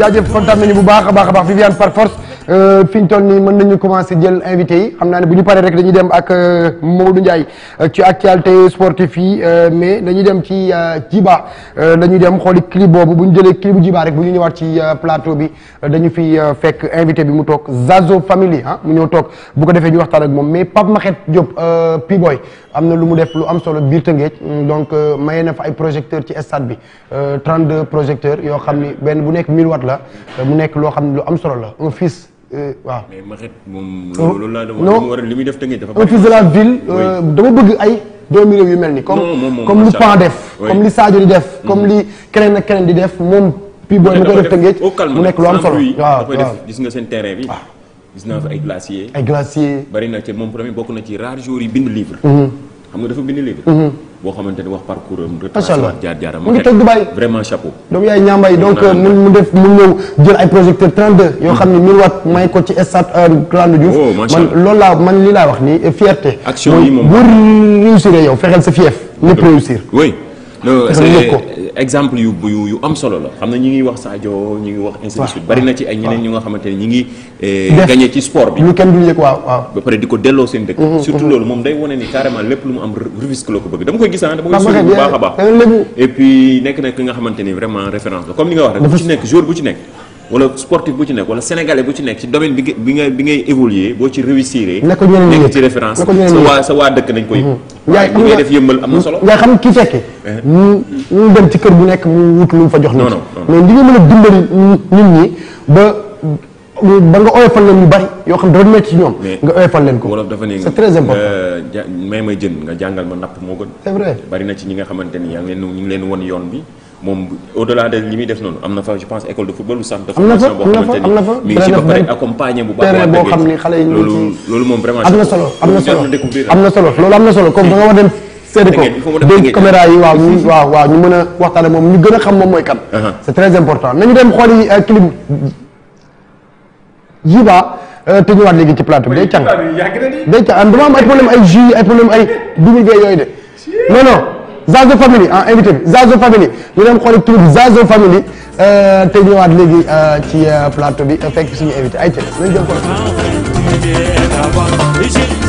jaajëf kontaan nañu bu baax a baax a baax Viviane par force Euh, fi ñu toll nii mën nañu commencé jël invité yi xam naa ne bu ñu paree rek dañuy dem ak euh, Mamadou Ndiaye euh, ci actualité sportive yi mais dañuy dem ci Jiba dañuy dem xooli clip boobu bu ñu jëlee clip Jiba rek bu ñu ñëwaat ci plateau bi dañu fi fekk invité bi mu toog Zazo Family ah mu ñëw toog bu ko defee ñu waxtaan ak moom mais Pape Maxet Diop Piboy am na lu mu def lu am solo biir Tëngéej mm, donc maye na fa ay projecteur ci estade bi 32 projecteurs yoo xam ni benn bu nekk 1000 la mu nekk loo xam lu am solo la Eh, waaw mais Maxet moom. Oh. loolu laa demoon li muy def tënkee dafa bari. office de la euh, dama bëgg ay doomi réew yu mel ni comme comme li Pan def. comme li Sadio di def. Mm-hmm. comme li keneen ak keneen di def moom. puis booy mu koy def tënkee mu nekk lu am solo waaw waaw gis nga seen terrain bi. Ah. gis naa fa ay glacier. ay glacier. bari na ci moom premier bokk na ci rare jour yi bind livre. Mm-hmm. xam nga dafa bind mhm. boo xamante ni wax parcours am retracé jaar-jaaram mu ngi toog Dubaay vraiment chapeau doomu mu euh, mu def mu ñëw jël mhm. yoo xam ne 1000 watt may ko ci stade Ngalandou euh, Diouf oh, man loolu laa man li laa wax ni fierté action yi moom boo réussir yow fexeel sa fief lépp réussir exemple yu yu yu am solo la xam na ñi ngi wax Sadio ñi ngi wax institut bari na ci ay ñeneen ñu nga xamante ne ñi ngi gagné ci sport bi lu kenn du yëg waaw waaw pare di ko delloo seen dëkk surtout loolu moom day wane ni carrément lépp lu mu am Rufisque la ko bëgg dama koy gis dama koy suivre bu baax a baax bu ci nekk jour bu ci nekk wala sportif bu ci nekk wala sénégalais bu ci nekk ci domaine bi bi ngay bi ngay évoluer boo ci réussir. na ko ñeneen nekk ci référence sa waa sa waa dëkk nañ ko mhm. ngay def am na solo. nga xam kii fekkee. Eh? ñu ñu dem ci kër bu nekk mu wut lu mu fa jox. non non mais li nga mën a ba. ba nga oyofal leen yu yoo xam dafa métti ci ñoom. nga oyofal leen ko wolof dafa ne c'est très important may may jën nga jàngal ma napp moo gën. c'est vrai na ci ñi nga xamante ni yaa ngi ñu ngi leen won yoon bi. moom au-delà de li muy def noonu am na fa je pense école de football ou centre de formation boo xamante ni mi ngi ci ba pare accompagné bu baax boo xam ni xale yi loolu loolu moom vraiment am na solo am na solo am na solo loolu am na solo comme da nga war dem seeti ko dégg caméra yi waaw waaw waaw mën a waxtaane moom ñu gën a xam moom mooy kan uh-huh. c'est très important nañu dem xool euh, clip yi ba euh, te ñëwaat léegi ci plateau bi day càng day càng dama am ay problème ay jus ay problème ay double V yooyu de non Zazo Family ah invité bi Zazo Family ñu dem xooli tur bi Zazo Family euh, te ñëwaat léegi euh, ci euh, plateau bi fekk suñu invité ay télé nañ jël ko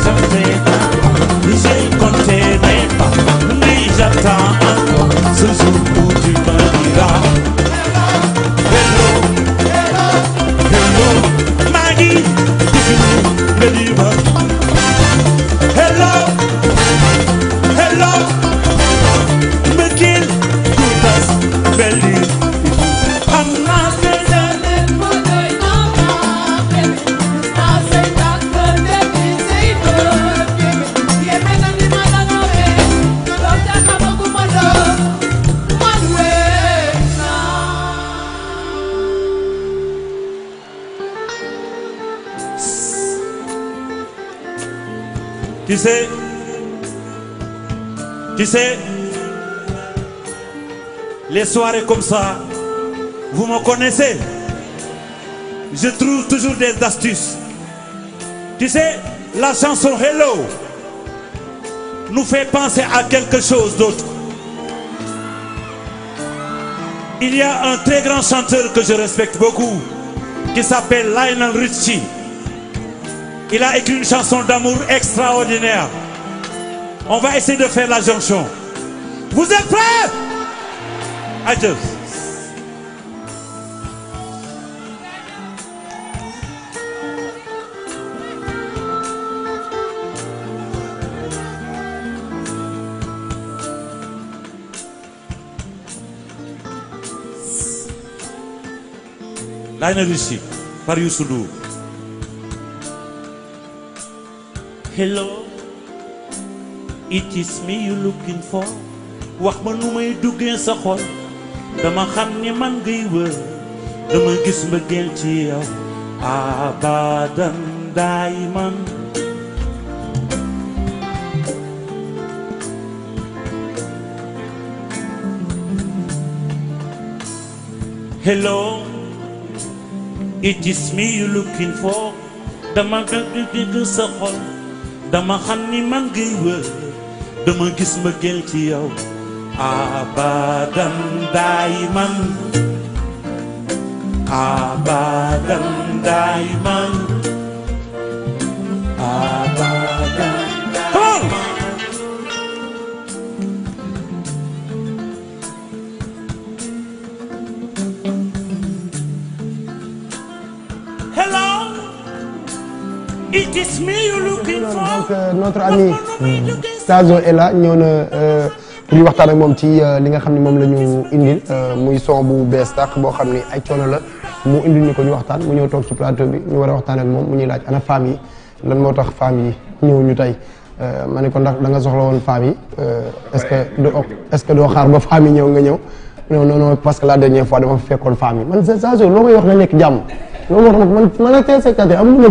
Tu sais, tu sais, les soirées comme ça, vous me connaissez. Je trouve toujours des astuces. Tu sais, la chanson Hello nous fait penser à quelque chose d'autre. Il y a un très grand chanteur que je respecte beaucoup qui s'appelle Lionel Richie. Il a écrit une chanson d'amour extraordinaire. On va essayer de faire la jonction. Vous êtes prêts? Adieu. Line Russie par Youssou Ndour hello it is me you looking wax ma nu may duggee sa xol dama xam ni man ngay wër dama gis mbëggeel ci yow abadan daay man dama xam ni man ngay wër dama gis mbëggeel ci yow abadan dayman abadan dayman donc notre ami Sazo est là ñëw na pour ñu waxtaan ak moom ci li nga xam ne moom la ñu indil muy son bu bees tàq boo xam ni ay coono la mu indil ñu ko ñu waxtaan mu ñëw toog ci plateau bi ñu war a waxtaan moom mu ñuy laaj ana femme yi lan moo tax femme yi ñëw ñu tey ma ne ko ndax da nga soxla woon femme yi est-ce que doo est-ce que doo xaar ba femme yi ñëw nga ñëw non non non parce que la dernière fois dama fekkoon femme yi man Sazo loo may wax na nekk jàmm loolu moo tax man man ak téléspectateur am lu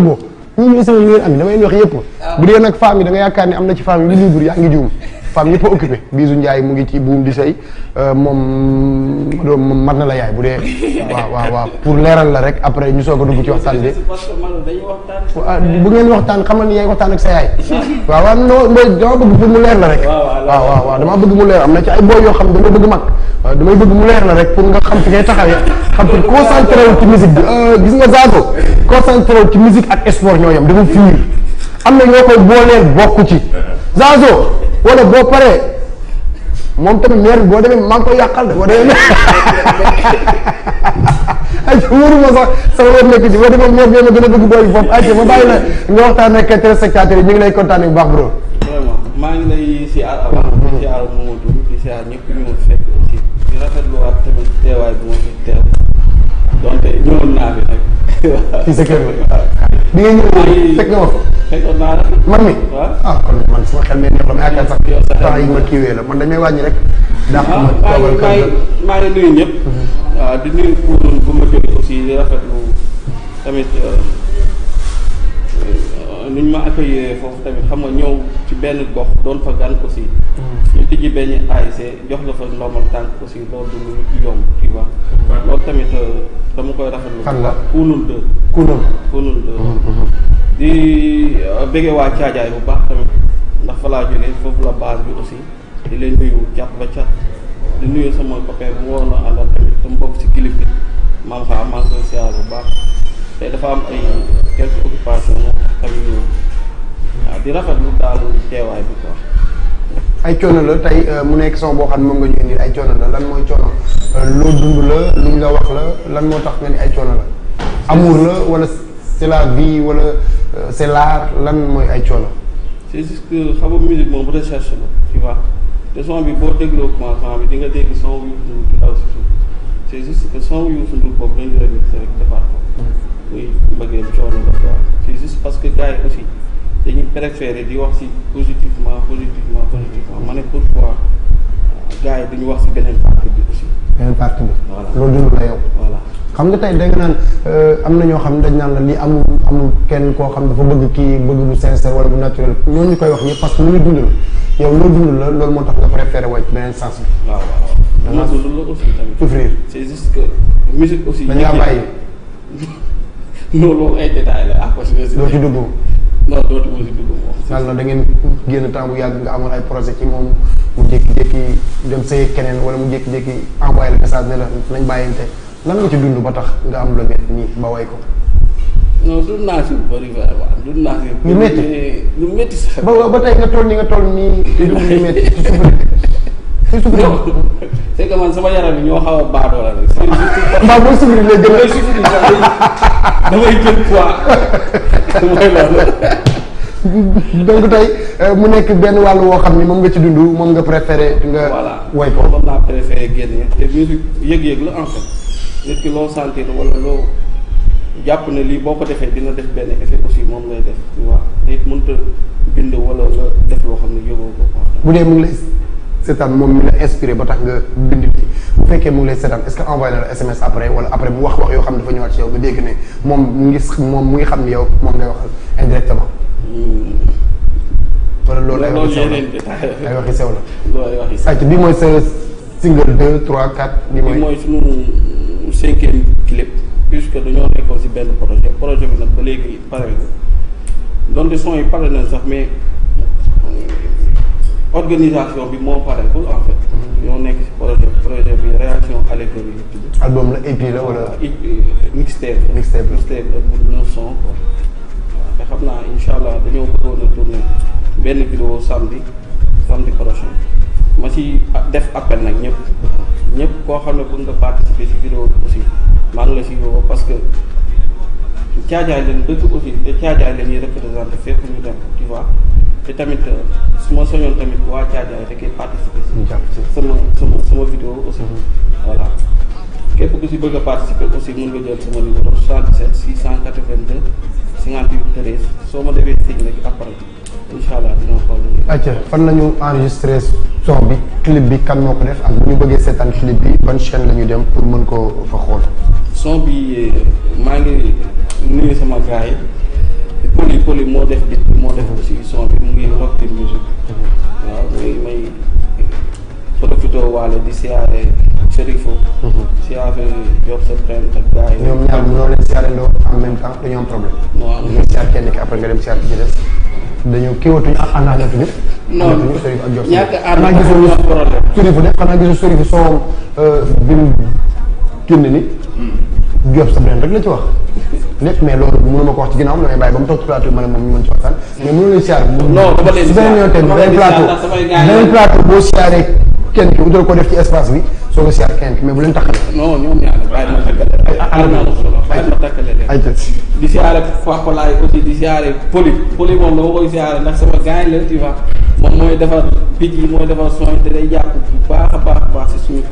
ñun ñu sama ngeen am yi damay wax yëpp ah. bu dee nag femme yi da nga yaakaar ni am na ci femme yi lu libre yaa ngi juum femme yëpp a occupé bisu njaay mu ngi ci buum di sëy euh, moom doom mat na la yaay bu dee waaw waaw waaw pour leeral la rek après ñu soog a dugg ci waxtaan bi ah, bu ngeen waxtaan xamal ni yaay waxtaan ak sa yaay waaw waaw non mooy dama bëgg pour mu leer la rek waaw waaw waaw dama bëgg mu leer am na ci ay booy yoo xam dama bëgg mag waaw damay bëgg mu leer la rek pour nga xam fi ngay taxawee xam te concentré wu ci musique bi euh, gis nga Zazo concentré wu ci musique ak sport ñoo yem dafa fiir am na ñoo koy booleel bokk ci Zazo wala boo paree moom tamit meer bi boo demee maa ngi koy yàqal de boo demee ay wóoruma sax sama wóor nekk ci boo demee meer bi ma a bëgg booy bopp ay bàyyi la nga waxtaan ak téléspectateurs yi ñu lay kontaanee bu baax bro. vraiment fii sa kër la. ma man mi. ah kon man sama xel mi neex na ma yaakaar sax temps yi ma kiiwee la man dañ may wàññi rek. ndax ma ah, toogal kan la maa ngi nuyu ñëpp. waaw mhm. ah, ma accueillir foofu tamit xam nga ñëw ci benn gox doon fa gan aussi. Mm. ñu tijji benn ASC jox la fa ndomal tànk aussi loolu du yomb tu vois. Mm. loolu tamit euh, dama koy rafetlu. fan la kuunul de. kuunul de. Mm-hmm, mm-hmm. di euh, bëggee waa caajaay bu baax tamit ndax fa laa jógee foofu la base bi aussi di leen nuyu cat ba cat di nuyu sama copain bu waroon a àndal tamit te bokk si kilif bi maa ngi faa maa ngi koy siyaar bu baax te dafa am ay quelques occupations. tamit ñëw waaw di rafetlu teewaay bi quoi. ay coono la tey euh, mu nekk son boo xam ne moom nga ñu indi ay coono la lan mooy coono euh, loo dund la luñ la wax la lan moo tax nga ni ay coono la amour la wala c'est la vie wala euh, c'est lan mooy ay coono. c'est juste que xam nga musique moom recherche la te son bi boo dégloo commencement bi di nga dégg son yu Youssou Ndour bi daw si suuf c'est juste que son yu Youssou Ndour boobu dañu remixé rek gars yi aussi di wax si positivement positivement positivement ma ne pourquoi euh, gars yi duñu wax si beneen parti bi aussi. beneen parti bi. voilà loolu dund la yow. xam nga tey da nga naan euh, am na ñoo xam ne dañ naan la lii amul kenn koo xam dafa bëgg kii bëgg bu sincère wala bu naturel ñooñu ñu koy wax ñëpp parce que lu ñu dund la yow loolu dund la loolu moo tax nga préféré way ci beneen sens bi. waaw bàyyi. non loolu ay détails la ah. doo ci dugg. da ngeen génn temps bu yàgg nga amoon ay projet ci moom mu jékki-jékki dem sëy keneen wala mu jékki-jékki envoyé le message ne la nañ bàyyante lan nga ci dund ba tax nga am lu métti nii ba way ko. non dund naa si lu bëri vraiment dund naa lu métti lu métti ba ba tey nga toll nii nga toll nii. lu man sama yaram yi ñoo xaw a baadoo la rek. mbaa boo sukkandiku lay gën a. damay jël poids mooy loolu. tey euh, mu nekk benn wàll woo xam ne moom nga ci dund moom nga préféré nga. woy ko voilà moom laa préféré génne te musique yëg-yëg la en fait nit ki loo sentir wala loo jàpp ne lii boo ko defee dina def benn effet aussi moom lay def tu vois nit mënut a bind wala nga def loo xam ne yóbboo ko. bu dee mu ngi seetaan moom mi la inspiré ba tax nga bind ci fekkee mu ngi lay seetaan est-ce que envoyé na la SMS après wala après mu wax wax yoo xam dafa ñëwaat ci yow nga dégg ne moom mu ngi xam ne yow moom ngay waxal indirectement. Hmm. wala loolu ay waxi sew la ay waxi sew la. loolu bi mooy sa single 2 3 4. bi mooy bi mooy sunu cinquième clip. puisque dañoo nekkoon si benn projet projet bi nag ba léegi pare na donte son yi pare na sax mais. organisation bi moo pareegul en fait. Mm-hmm. ñoo nekk si projet projet bi réaction allégorique bi. album la EP la wala. Ah, e euh, mixtape mixtape mixtape bu neuf son quoi. waaw te xam naa incha allah dañoo bëggoon a tourner benn vidéo samedi samedi prochain ma ci def appel nag ñëpp. koo xam ne bëgg nga participer si vidéo bi aussi maa la si woo parce que caajaay leen dëkk aussi te caajaay leen ñuy représenté fépp ñu dem tu vois. te tamit su ma soñoon tamit waa Thiadiaye da koy participer. sama sama sama vidéo aussi. Mhm. voilà képp ku si bëgg a participer aussi mën nga jël sama numéro 77 682 soo ma defee signe rek après incha allah dina ko xool. fan la ñu enregistré sox bi clip bi kan moo ko def ak bu ñu bëggee seetaan clip bi ban chaîne la ñu dem pour mën koo fa xool. son bi maa ngi nuyu sama gars yi poli poli moo def bi moo def aussi son bi mu ngi rockte ñaar dañoo am problème waaw dañuy siyaar kenn ki après nga dem siyaar ki ci des dañoo kiiwatuñu ak àndaale tamit non Serifo ak Diop ñàkk xanaa gisul Serifo de xanaa gisul Serifo soo bi génn ni Diop Sabel rek la ci wax lépp mais loolu mënuma ko wax ci ginnaaw damay bàyyi ba mu toog plateau ma ne moom ñu mën ci waxtaan mais ba tey plateau beneen plateau boo siyaaree kenn ki utal ko def ci espace bi soo ko siyaar kenn ki mais bu leen taxal non ñoom ñaar bàyyi ma takkale ay di siyaare Fakolaay aussi di siyaare Poli Poli moom dama koy siyaare ndax sama gars la tu vois moom mooy defar picc yi mooy defar soin te day jàpp bu baax a baax a baax si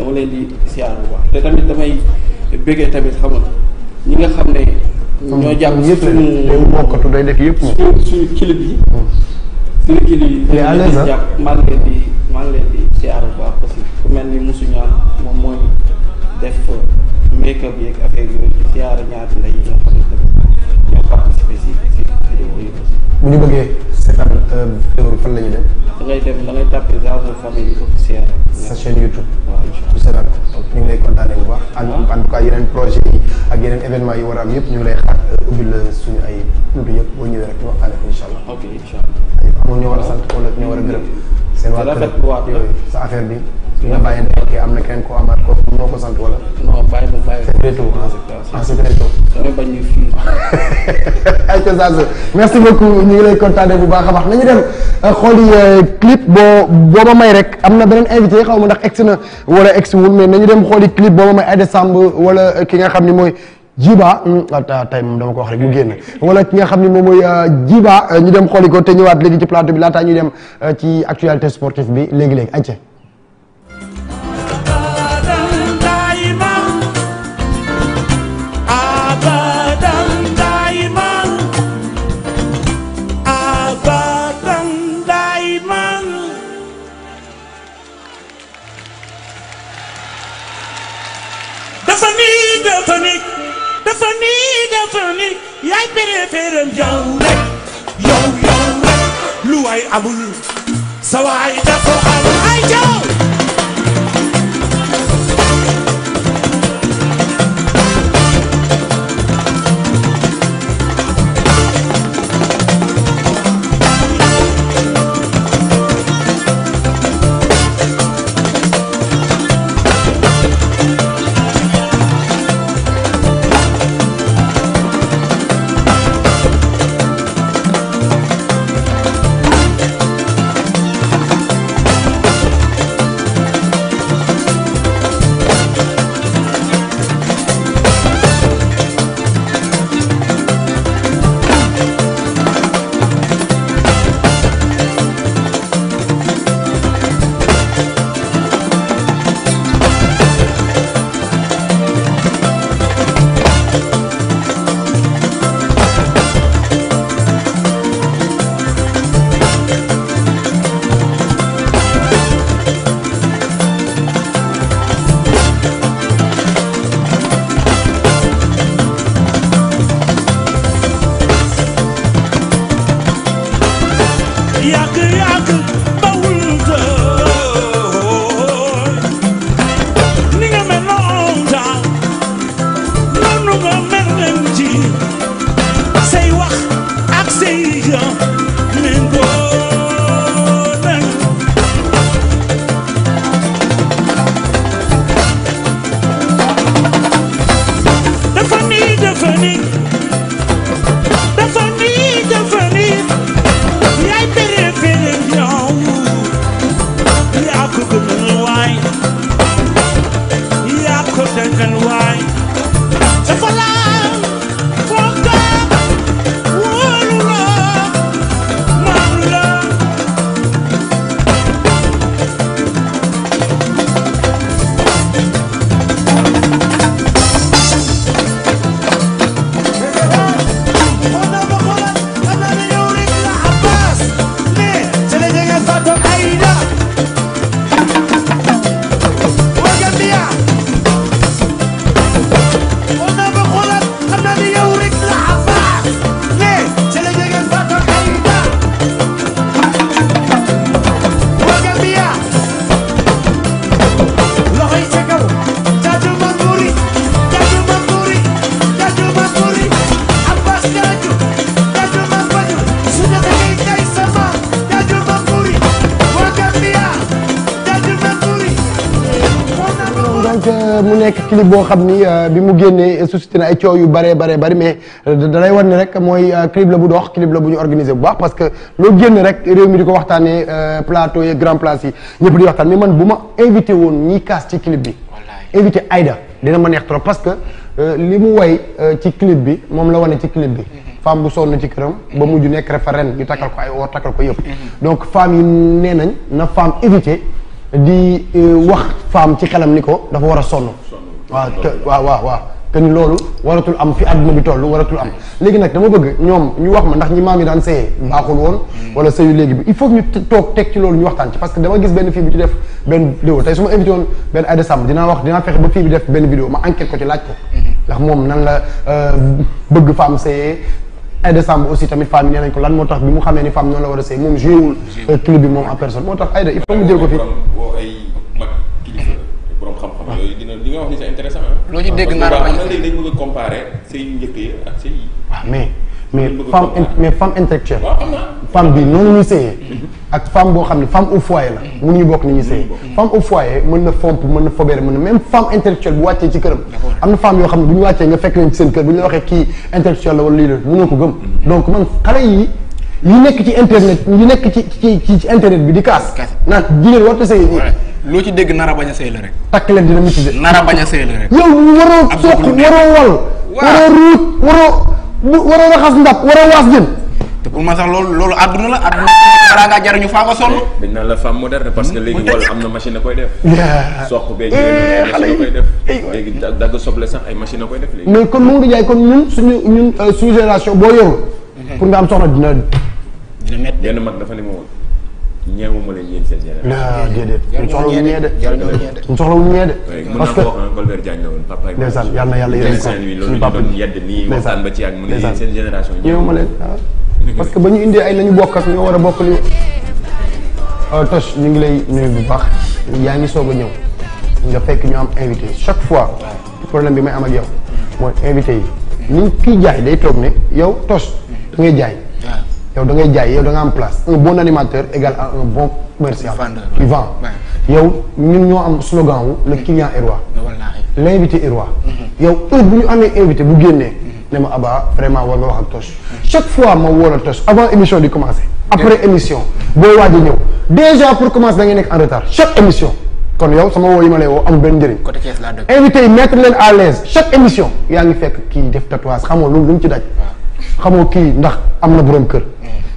dama leen di siyaar bu baax te tamit damay bëggee tamit xam nga ñi nga xam ne. ñoo jàpp si suñu bokkatu day def yëpp moom suñu kilib yi. Hmm. suñu kilib yi. mais à l'aise jàpp leen di siyaar bu baax aussi ku mel ni Moussa moom mooy def make up yeeg affaire yooyu di siyaara ñaari ndey yi xam ne tamit ñoo participé si si vidéo yi aussi. bu ñu bëggee seetaan euh, fan lañu ñu dem. da ngay dem da ngay tapé Zazo famille officielle. sa chaîne YouTube. waaw incha allah du seetaan donc ñu ngi lay kontaanee bu baax. en en tout cas yeneen projet yi ak yeneen événement yi war a am yëpp ñu ngi lay xaar ubbil la suñu ay buntu yëpp boo ñëwee rek ñu waxtaanee ko incha allah. ok incha allah. amoon ñoo war a sant wala ñoo war a gërëm. seen waa kër yooyu sa affaire bi. ki nga am na kenn koo amaat ko sant wala. ay ca saa merci beaucoup ñu ngi lay kontaanee bu baax a baax nañu dem euh, xooli euh, clip boo boo ma may rek am na beneen invité xaw ma ndax egsi na wala egsi wul mais nañu dem xooli clip boo ma may Aïda Samb wala euh, ki nga xam ni mooy. Jiba hmm, tay moom dama ko wax rek mu génn wala ki nga xam ne moom mooy Jiba ñu dem xooli ko te ñëwaat léegi ci plateau bi laataa ñu dem ci actualité sportive bi léegi-léegi. famille yaay préféré yow rek yow yow rek lu waay amul sa waay dafa am ay yow yàq boo xam ni euh, bi mu génnee suscité na ay coow yu bare bare bari mais euh, danay wan ne rek mooy euh, clip la bu dox clip la bu ñu organisé bu baax parce que loo génn rek réew mi di ko waxtaanee plateau yi grand place yi ñëpp di waxtaan ni man bu ma invité woon ñiy kaas ci clip bi invité Aïda dina ma neex trop parce que li mu way ci clip bi moom la war wane ci clip bi mm-hmm. femme bu sonn ci këram ba mujj nekk rek fa référent ñu takkal ko ay or takkal ko yëpp mm-hmm. donc femme yi nee nañ na femme éviter di wax femme ci xelam ni ko dafa war a sonn waaw waaw waaw waaw ni loolu waratul am fi àdduna bi toll waratul am léegi nag dama bëgg ñoom ñu wax ma ndax ñi maam yi daan sëyee baaxul woon wala sëyu léegi bi il faut ñu toog teg ci loolu ñu waxtaan ci parce que dama gis benn fii bi ci def benn vidéo tey su ma invité woon benn Aïda Samb dinaa wax dinaa fexe ba fii bi def benn vidéo ma enquête ko ci laaj ko ndax moom nan la euh, bëgg femme sëyee Aïda Samb aussi tamit femme yi nañ ko lan moo tax bi mu xamee ni femme noonu la war a sëy moom euh, moo tax Aïda il xam-xam yooyu dina li loo ci dégg naan waaw parce que a ah, mais mais femme mais femme intellectuelle. waaw bi noonu ñuy sëyee. ak femme boo xam ne femme au foyer la. Mm-hmm. mënuñu bokk ni ñuy sëyee. Mm-hmm. femme au foyer mën na fomp mën na fobeere mën na même femme intellectuelle bu wàccee ci këram. am na femme yoo xam ne bu wàccee nga fekk leen seen kër bu ñu la waxee kii intellectuelle la wala lii la mënoo ko gëm. Mm-hmm. donc man xale yi ñu nekk ci internet ñu nekk ci ci ci internet bi di kaas. kaas naan jigéen warut a sëy loo ci dégg nara bañ a sëy la rek. takk leen dina maîtriser. nara bañ a sëy la rek. yow waroo soq waroo wal. waroo ruut waroo waroo raxas ndap waroo waas jën. te pour ma sax loolu loolu àdduna la àdduna a ngaa jariñu faa nga solo dañ naan la femme moderne parce que léegi wal am na machine a koy def. soq beeg eh, yooyu machine a koy def. Eh, léegi dagg sax ay machine a koy def léegi. mais kon mu ngi jaay kon ñun suñu ñun euh, boo yorul pour nga am soxna dina. dina métti benn mag dafa ne ma woon ñeewuma leen yéen seen génération. ah de. ñu soxla wuñu ñee de. parce que mën naa ko wax Golbert Diagne la woon papa yi. ndeysaan yal na yàlla nii ba ne yéen ñu bokk ak a bokk euh, ñu ngi lay nuyu bu baax yaa ngi soog a ñëw nga fekk ñu am invité chaque fois problème bi may am ak yow mooy invité yi ni jaay day toog ne yow Toch da ngay jaay. yow da ngay jaay yow da nga am place un bon animateur égale à un bon commercial. qui vend yow ñun ñoo am slogan wu le client est roi. l' invité est bu ñu amee invité bu génnee. Mm-hmm. ne ma Aba vraiment war nga wax ak Toch. chaque fois ma woo la Toch avant émission di commencer. après émission boo waaj a ñëw déjà pour commencer da ngay nekk en retard chaque émission. kon yow sama woo yi ma lay woo amul benn njëriñ. côté yi mettre leen à chaque émission yaa ngi fekk kii def tatouage xamoo lu lu mu ci daj. xamoo kii ndax am na borom kër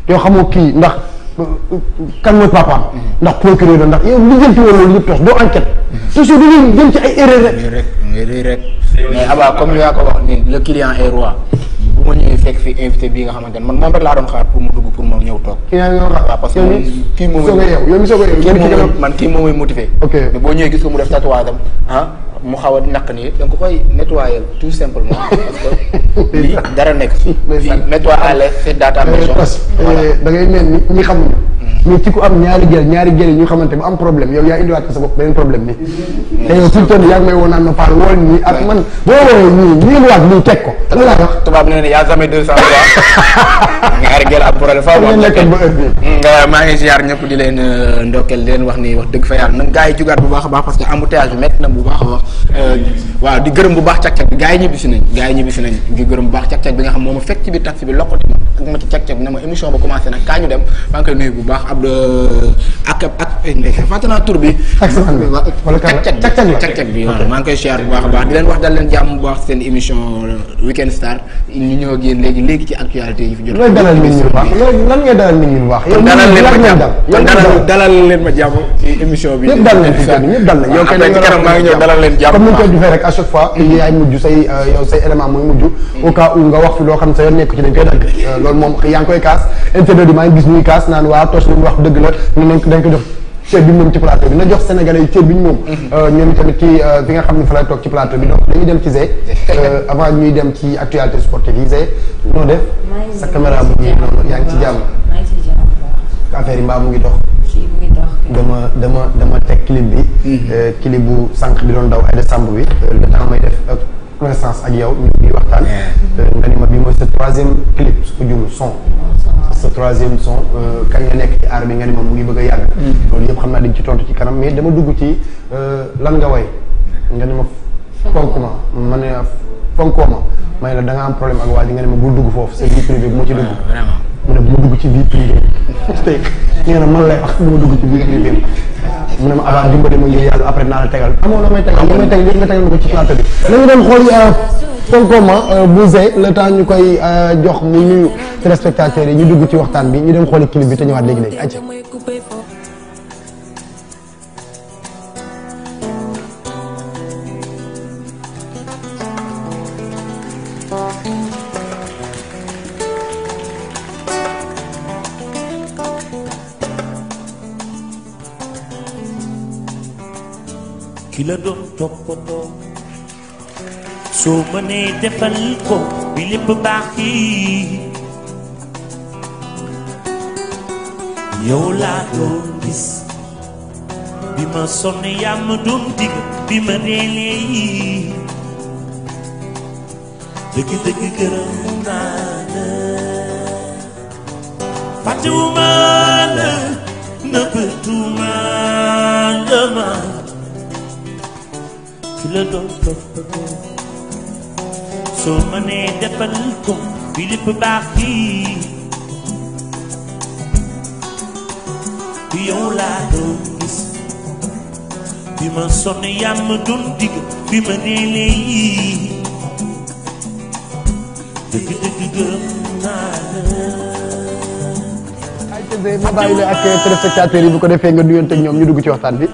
yow xamoo kii ndax kan mooy papaam ndax procureur la ndax yow li jënti woon loolu yëpp tos doo enquête mm-hmm. toujours dañuy jëm ci ay erreur rek rek mais abaa comme yaa ko wax ni le client est roi bu ma ñëwee fekk fi invité bii nga xamante ne man moom rek laa doon xaar pour mu dugg pour moom ñëw toog. kii yaa ngi doon ah, parce que kii moom a a yow. kii moom man ok mais boo ñëwee gis ko mu def tatouage ah mu xaw a naq nii da nga koy nettoyer tout simplement parce que lii dara nekk. fii nettoyer à l'aise c'est data. da ngay mel ni ñi xamuñu. mais ci ku ñaari gel xamante ba am problème yow yaa indiwaat sa bopp beneen problème bi te yow teg ko lan laa wax na yaa jamais deux cent trois ñaari gel am problème faaw mm, ñëpp di leen euh, ndokkeel di leen wax ni wax dëgg fa yàlla nag gars yi jugaat bu baax a baax parce que bu baax a baax euh, waaw bu baax cag-cag bi gars yi ñibbisi nañ gars yi ñibbisi nañ di gërëm bu nga xam moo ma fekk ci biir taxi bi lokkati ma ma ci cag-cag na ma émission ba commencé nag kaa ñu dem maa ngi koy nuyu bu baax baax Abdou euh, ak ak fàtte naa tur bi. ak sa wala euh, càq bi waaw maa ngi koy siyaar bu baax a baax di leen wax dal leen jàmm bu baax seen émission euh, Weekend Star ñu ñëw ak yéen léegi léegi ci actualité yi fi jot. loolu dalal nit ñi wax loolu lan ngay dalal nit ñi wax. yow dalal dalal leen ma jàmm ci émission bi. ñëpp dal nañ fi kenn ñëpp dal nañ. yow kay dañu kanam maa ngi ñëw dalal leen jàmm comme ni ñu koy defee rek à chaque fois. yaay mujj say yow say élément mooy mujj. au cas où nga wax fi loo xam sa yoon nekk ci dañ koy dagg loolu moom yaa ngi koy kaas internet yi maa ngi gis ñuy kaas naan waa su lu wax dëgg la ne nañ ko dañ ko jox cër bi moom ci plateau bi na jox sénégalais yi cër bi ñu moom mm-hmm. euh, ñoom tamit ci euh, fi nga xam ne fa lay toog ci plateau bi donc dañuy dem ci Zé euh, avant ñuy dem ci actualité sportive yi Zé noo def sa caméra bu yaa ngi ci jàmm affaire yi mbaa mu ngi dox dama dama dama teg clip bi mm-hmm. clip bu sànq bi doon daw ay décembre bi le temps may def connaissance ak yow ñu ngi waxtaan. Euh, nga ni ma bii mooy sa troisième clip su ko son. sa troisième son euh, kañ nga nekk ci aar bi nga ni ma mu ngi bëgg a yàgg. Mm. loolu yëpp xam naa dañ ci tontu ci kanam mais dama dugg ci euh, lan nga way nga ni ma fonk ma ma ne fonkoo ma may la da nga am problème ak waa ji nga ni ma bul dugg foofu sa vie privée bi mu ne bu ma dugg ci vie privée steak nee na man lay bu ma dugg ci vie privée mu ne ma avant dimbali ma ngir yàlla après naa la tegal amoo loo may tegal loo may tegal yéen nga tegal ma ko ci plateau bi nañu doon xool Fonkoma euh, euh, Bousse le temps ñu koy euh, jox mu nuyu téléspectateurs yi ñu dugg ci waxtaan bi ñu dem xooli clip bi te ñëwaat léegi-léegi la doon toppatoo soo mënee defal ko bi lépp baax yi yow laa doon gis bi ma sonn yaa ma doon bi ma reelee dëgg dëgg gërëm naa la fàttewuma la nëbbatuuma la ma la doon topp soo mënee defal ko bi lépp baax kii yow laa doon gis bi ma sonn yaa bi ma nee dëgg dëgg gërëm naa ay ma bàyyi la ak téléspectateurs yi bu ko defee nga nuyonte ak ñoom ñu dugg ci waxtaan bi.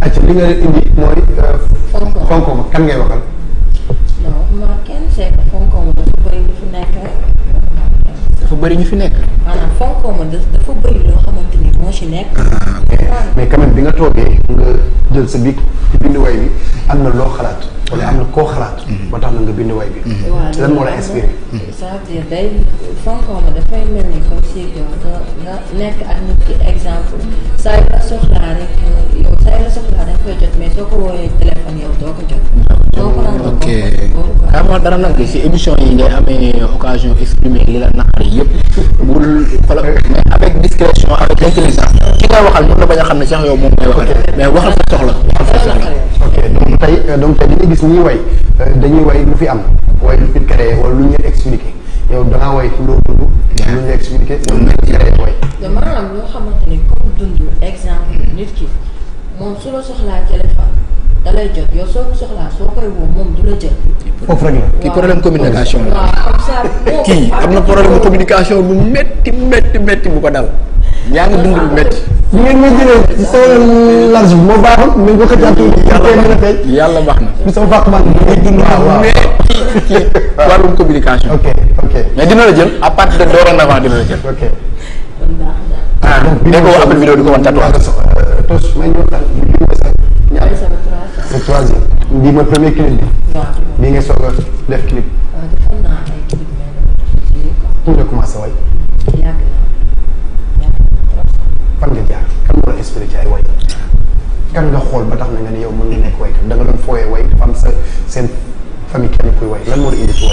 acca li nga indi mooy. fonko euh, ma kan ngay waxal. dafa bëri ñu fi nekk dafa fonko ma dafa bëri loo xamante ni moo ci nekk. Ah, mais quand bi nga toogee nga jël sa bic ci way bi am na loo xalaat. wala am na koo xalaat. ba mm-hmm. tax na nga bind way bi. Mm-hmm. lan moo la inspiré. ma dafay mel soo ko woowee téléphone yow doo ko jot. ok xam dara nag si émission yi ngay amee occasion exprimer li la naqar yëpp bul xoolal mais avec discrétion avec intelligence ki ngay waxal mën na bañ a xam ne sax yow moom ngay waxal mais waxal sa soxla waxal sa soxla. ok donc tey donc suñuy way euh, dañuy way lu fi am way lu fi créé wala lu ñu expliqué yow da ngaa way ci loo dund. lu ñu expliqué loolu la ñu créé way. xamante ni comme dund exemple nit ki moom su la soxlaa téléphone da jot yow soo ko soxlaa soo koy woo moom du la jël. foofu rek la kii problème communication la. waaw comme ça am na problème communication bu métti métti bu ko dal. yaa ngi dund lu métti. ñu ngi ñu jëlee sama large moo yàlla baax na sama baax man mu ngi dund. waaw mais ci communication. ok ok mais dina la jël à partir de dooroon avant dina la jël. ok. ah dégg nga appel vidéo di ko wan tatouage. Euh, tos may ñëw daal bii mooy sa premier clip bi. bii nga soog a def clip. waaw euh, defoon naa ay fan nga jaar kan moo la inspiré ci ay way kan nga xool ba tax na nga ne yow mën nga nekk waykat da nga doon fooyee way dafa sa seen famille kenn kuy way lan moo la indi ci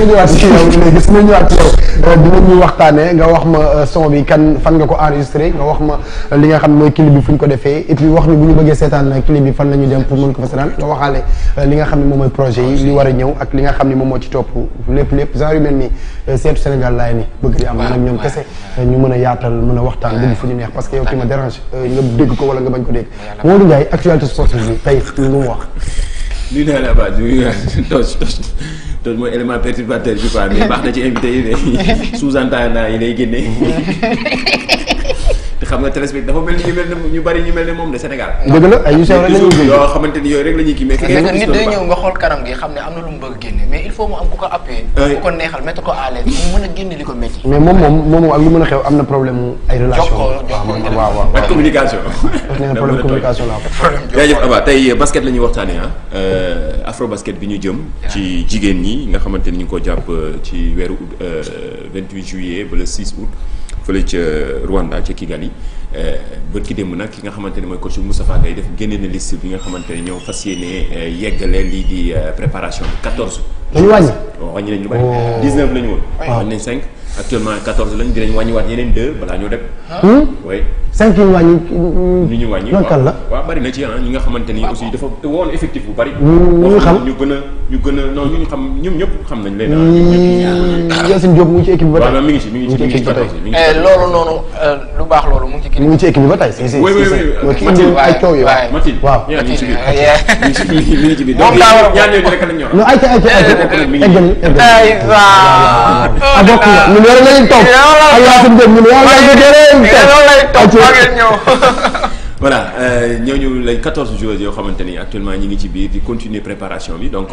nga ñëwaat ci yow léegi euh, su ma ñëwaat ci yow dinañu waxtaanee nga wax ma euh, son bi kan fan nga ko enregistré nga wax ma euh, li nga xam mooy clip bi fu ñu ko defee et wax ni bu ñu bëggee seetaan clip bi fan la ñu dem pour mën ko fa seetaan nga waxaale li ne moom mooy projet yi li war a ñëw ak li nga xam ne moom moo ci topp lépp lépp genre yu mel ni seetu Sénégal laay ni bëgg di am nag ñoom kese ñu mën a yaatal mën a waxtaan dugg fu ñu neex parce que yow ki ma dérange nga dégg ko wala nga bañ ko dégg Modou Ndiaye actualité sportive bi tey lu mu wax loolu mooy élément perturbateur bi quoi mais baax na ci invité yi de sous-entendant yi lay génne. xam nga téléspect dafa mel ni ñu mel ne ñu bari ñu mel ne moom de Sénégal. dëgg la ay yu sew rek la ñuy génn yoo xamante ni yooyu rek la ñuy kii mais fi ngay nit day ñëw nga xool kanam gi xam ne am na lu mu bëgg génne mais il faut mu am ku ko appuyer ku ko neexal mettre ko à l'aise mu mën a génne li ko métti mais moom moom moom moom ak lu mën a xew am na problème ay relation ah, waaw waaw ak communication nee na problème communication la am jaajëf Aba tey basket la ñuy waxtaane ah euh, afro basket bi ñu jëm ci jigéen ñi nga xamante ni ñu ko jàpp euh, ci weeru août 28 euh, juillet ba le 6 août fële ca Rwanda ca Kigali eh, bët ki démb nag ki nga xamante ne mooy coach Moustapha Gaye def génne na liste bi nga xamante ne fas yéene eh, yeggale lii di eh, préparation quatorze. dañu wàññi. waaw oh, wàññi nañu lu bari. Oh. dix neuf la ñu woon. wàññi cinq. actuellement 14 lañ dinañ wàññiwaat yeneen 2 balaa ñoo dem. Ah. oui 5 hmm? yi ñu wàññi. ñu ñu wàññi waaw kan la. waaw bari na ci ah ñi nga xamante ni ah. aussi dafa woon effectif bu bari. Hmm, ñu xam ñu gën a ñu gën a non ñu xam ñoom ñëpp xam nañ leen. Ah, ñun hmm, Yacine Diop mu ngi ci équipe bi ba tey. mi ngi ci mi ngi ci mi ngi ci eh, loolu noonu euh, lu baax loolu mu ngi ci. mu ngi ci équipe bi ba tey. si si si waaw waaw waaw ñun yàlla lay toog ak yoo xamante ni actuellement ñi ngi ci biir di continuer préparation bi donc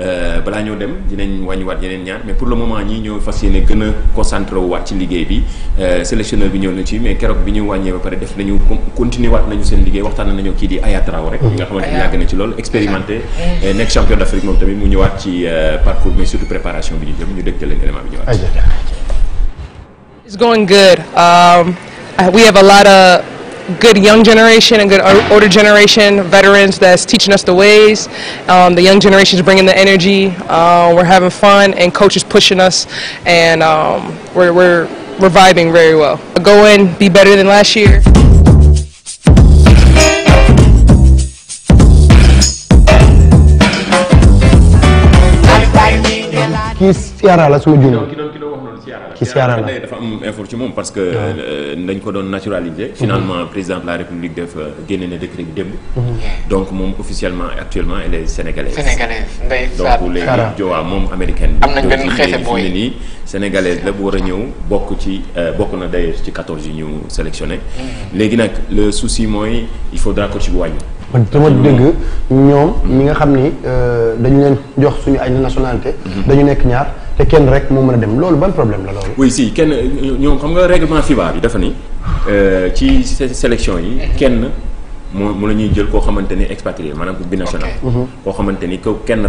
euh, balaa ñoo dem dinañ wàññiwaat yeneen ñaar mais pour le moment ñii ñoo fas yéene gën a concentré wu waat ci liggéey bi euh, sélectionneur bi ñëw na ci mais keroog bi ñu wàññee ba pare def nañu continuer waat nañu seen liggéey waxtaan nañu kii di Aya Traoré rek. nga mm-hmm. xamante ni yàgg na ci loolu expérimenté. Mm-hmm. Euh, nekk champion d'Afrique moom tamit mu ñëwaat ci parcours mais surtout préparation ñu jëm ñu dégtale élément It's going good. Um, we have a lot of good young generation and good older generation veterans that's teaching us the ways. Um, the young generation is bringing the energy. Uh, we're having fun, and coach is pushing us, and um, we're, we're, we're vibing very well. Go in, be better than last year. Kii Yara la suma juum ci Ciara la dafa am effort ci moom parce que ah. euh, dañ ko doon naturalisé. Mhm. finalement président de la république def euh, génne na décret bi démb. Mhm. donc moom officiellement actuellement elle est sénégalaise. donc euh, mm. léegi a nag le souci mooy il faudra que ci wàññi. dama mm. dégg ñoom. ñi nga mm. xam ni dañu leen jox suñu ay nationalité. Mm-hmm. dañu nekk ñaar. te kenn rek moo man a dem loolu ban problème la loolu. oui si kenn ñoom xam nga règlement FIBA bi dafa ni euh, ci sélection yi kenn moo mu la ñuy jël koo xamante ni expatrié maanaam bi binational. Mhm. koo xamante ko kenn.